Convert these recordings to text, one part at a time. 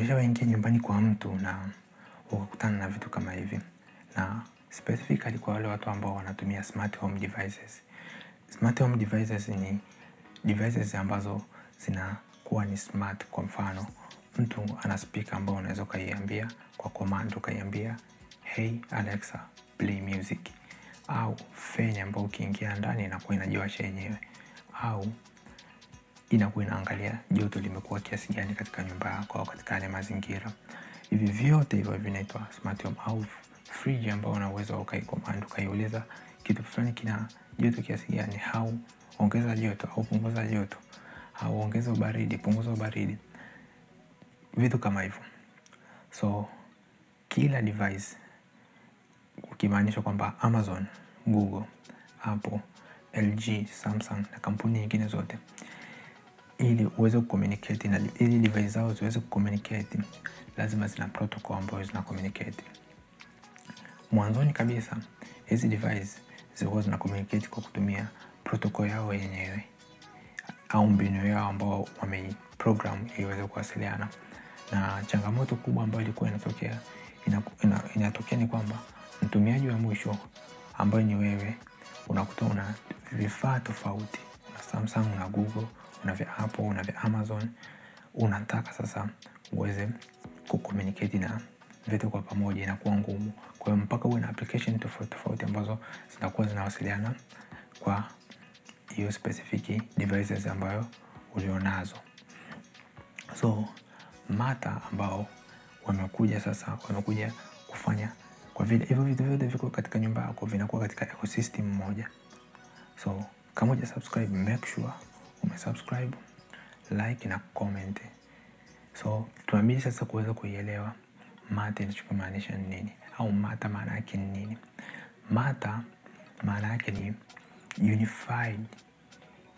Ulishawaingia nyumbani kwa mtu na ukakutana na vitu kama hivi. Na specifically kwa wale watu ambao wanatumia smart home devices. Smart home devices ni devices ambazo zinakuwa ni smart kwa mfano. Mtu ana speaker ambao unaweza ukaiambia kwa command ukaiambia Hey Alexa, play music. Au feni ambao ukiingia ndani inakuwa inajiwasha yenyewe. Au inakuwa inaangalia joto limekuwa kiasi gani katika nyumba yako au katika yale mazingira. Hivi vyote hivyo vinaitwa smart home au friji ambao una uwezo wa ukaikomand ukaiuliza kitu fulani kina joto kiasi gani au ongeza joto au punguza joto au ongeza ubaridi, punguza ubaridi, vitu kama hivyo. So kila device ukimaanisha kwamba Amazon, Google, Apple, LG, Samsung na kampuni nyingine zote ili uweze kucommunicate na ili device zao ziweze kucommunicate, lazima zina protocol ambayo zina communicate. Mwanzoni kabisa hizi device zilikuwa zina communicate kwa kutumia protocol yao yenyewe au mbinu yao ambao ili waweze kuwasiliana. Na changamoto kubwa ambayo ilikuwa inatokea inatokea ina, ina, ni kwamba mtumiaji wa mwisho ambayo ni wewe unakuta una vifaa tofauti, una Samsung, una Google una vya Apple, una vya Amazon, unataka sasa uweze kucommunicate na vitu kwa pamoja, inakuwa ngumu. Kwa hiyo mpaka uwe na application tofauti tofauti ambazo zinakuwa zinawasiliana kwa hiyo specific devices ambayo ulionazo. So Mata ambao wamekuja sasa, wamekuja kufanya kwa vile hivyo vitu vyote viko katika nyumba yako, vinakuwa katika ecosystem moja. So kama uja subscribe, make sure umesubscribe, like na comment. So tunabidi sasa kuweza kuielewa mata inachomaanisha nini au mata maana yake ni nini? Mata maana yake ni unified,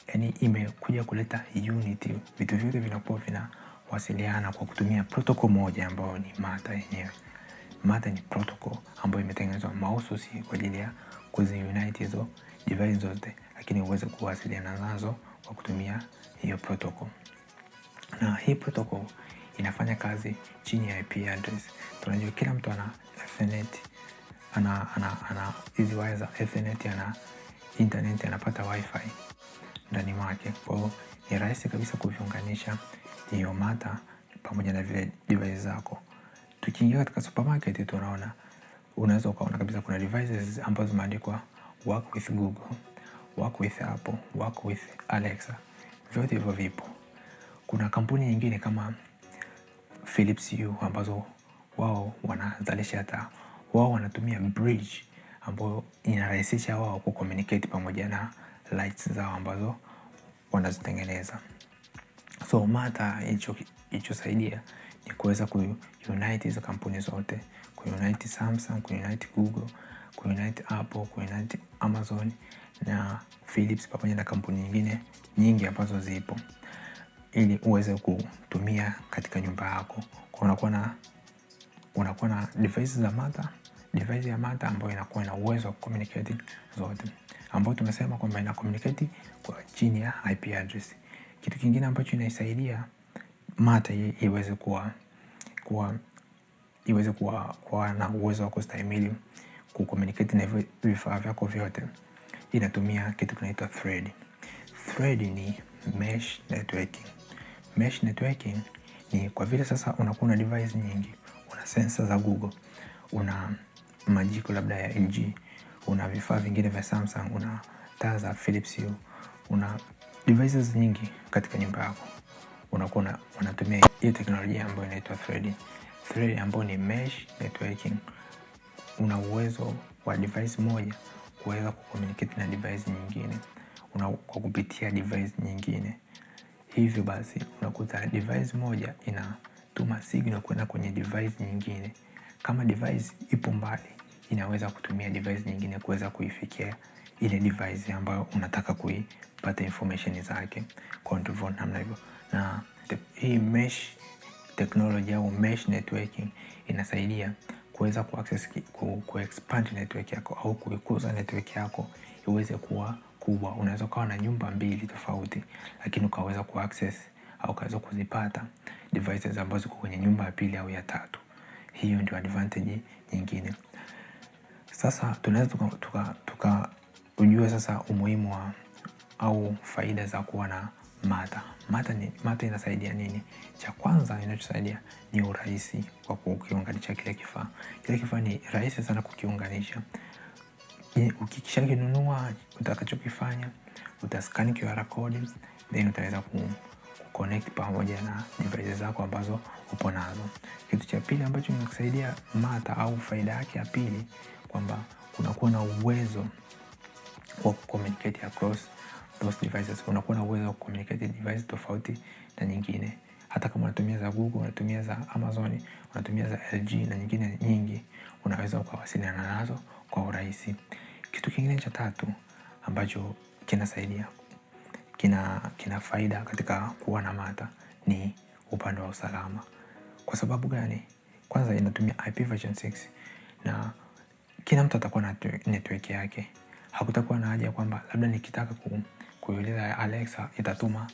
yani imekuja kuleta unity, vitu vyote vinakuwa vinawasiliana kwa kutumia protocol moja ambayo ni mata yenyewe. Mata ni protocol ambayo imetengenezwa mahususi kwa ajili ya kuziunite hizo device zote, lakini uweze kuwasiliana nazo kwa kutumia hiyo protocol. Na hii protocol inafanya kazi chini ya IP address. Tunajua kila mtu ana Ethernet, ana ana ana hizi waya za Ethernet, ana internet, anapata wifi ndani mwake. Kwa hiyo ni rahisi kabisa kuviunganisha hiyo mata pamoja na vile device zako. Tukiingia katika supermarket, tunaona unaweza ukaona kabisa kuna devices ambazo zimeandikwa work with Google work with Apple, work with Alexa, vyote hivyo vipo. Kuna kampuni nyingine kama Philips Hue ambazo wao wanazalisha hata wao wanatumia bridge ambayo inarahisisha wao communicate pamoja na lights zao ambazo wanazitengeneza. So mata ilichosaidia ni kuweza unite hizo kampuni zote, unite Samsung, unite Google, unite Apple, unite Amazon na Philips pamoja na kampuni nyingine nyingi ambazo zipo ili uweze kutumia katika nyumba yako. Kwa unakuwa na unakuwa na device za mata, device ya mata ambayo inakuwa na uwezo wa communicate zote, ambayo tumesema kwamba ina communicate kwa chini ya IP address. Kitu kingine ambacho inaisaidia mata iweze kuwa kuwa iweze kuwa kuwa na uwezo wa kustahimili communicate na vifaa vyako vyote inatumia kitu kinaitwa thread. Thread ni mesh networking. Mesh networking ni kwa vile sasa unakuwa na device nyingi, una sensor za Google, una majiko labda ya LG, una vifaa vingine vya Samsung, una taa za Philips Hue, una devices nyingi katika nyumba yako, unakuwa unatumia hiyo teknolojia ambayo inaitwa thread. Thread ambayo ni mesh networking, una uwezo wa device moja kuweza kucommunicate na device nyingine una, kwa kupitia device nyingine. Hivyo basi unakuta device moja inatuma signal kwenda kwenye device nyingine. Kama device ipo mbali, inaweza kutumia device nyingine kuweza kuifikia ile device ambayo unataka kuipata information zake. Kwa ndivyo namna hivyo, na hii mesh technology au mesh networking inasaidia kuweza kuaccess ku, ku expand network yako au kuikuza network yako iweze kuwa kubwa. Unaweza ukawa na nyumba mbili tofauti, lakini ukaweza kuaccess au ukaweza kuzipata devices ambazo ziko kwenye nyumba ya pili au ya tatu. Hiyo ndio advantage nyingine. Sasa tunaweza tuka, tuka, tuka ujue sasa umuhimu wa au faida za kuwa na mata mata ni mata inasaidia nini? Cha kwanza inatusaidia ni urahisi wa kukiunganisha kile kifaa. Kile kifaa ni rahisi sana kukiunganisha. Ukikisha kinunua, utakachokifanya utascan QR code, then utaweza ku connect pamoja na devices zako ambazo upo nazo. Kitu cha pili ambacho inakusaidia mata au faida yake ya pili kwamba kunakuwa na uwezo wa kucommunicate across those devices. Unakuwa na uwezo wa kucommunicate price tofauti na nyingine. Hata kama unatumia za Google, unatumia za Amazon, unatumia za LG na nyingine nyingi, unaweza ukawasiliana nazo kwa urahisi. Kitu kingine cha tatu ambacho kinasaidia, kina kina faida katika kuwa na mata ni upande wa usalama. Kwa sababu gani? Kwanza inatumia IP version 6 na kila mtu atakuwa na network yake. Hakutakuwa na haja kwamba labda nikitaka kuuliza Alexa itatuma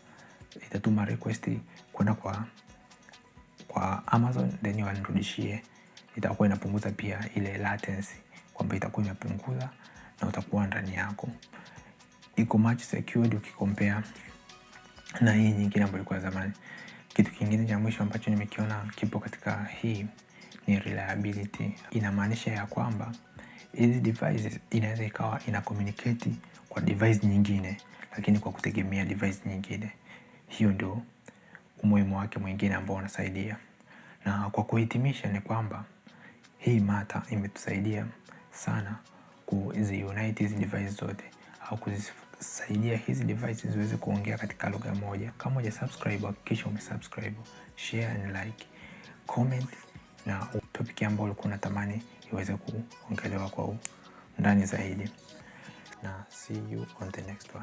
nitatuma request kwenda kwa, kwa Amazon then wanirudishie, itakuwa inapunguza pia ile latency, kwamba itakuwa inapunguza na utakuwa ndani yako. Iko much secured ukikompea na hii nyingine ambayo ilikuwa zamani. Kitu kingine cha mwisho ambacho nimekiona kipo katika hii ni reliability. Inamaanisha ya kwamba hizi devices inaweza ikawa ina communicate kwa device nyingine, lakini kwa kutegemea device nyingine. Hiyo ndio umuhimu wake mwingine ambao unasaidia. Na kwa kuhitimisha ni kwamba hii mata imetusaidia sana kuziunit hizi device zote au kuzisaidia hizi device ziweze kuongea katika lugha moja. Kama subscribe, hakikisha umesubscribe, share and like, comment na topic ambayo ulikuwa unatamani iweze kuongelewa kwa undani zaidi. Now, see you on the next one.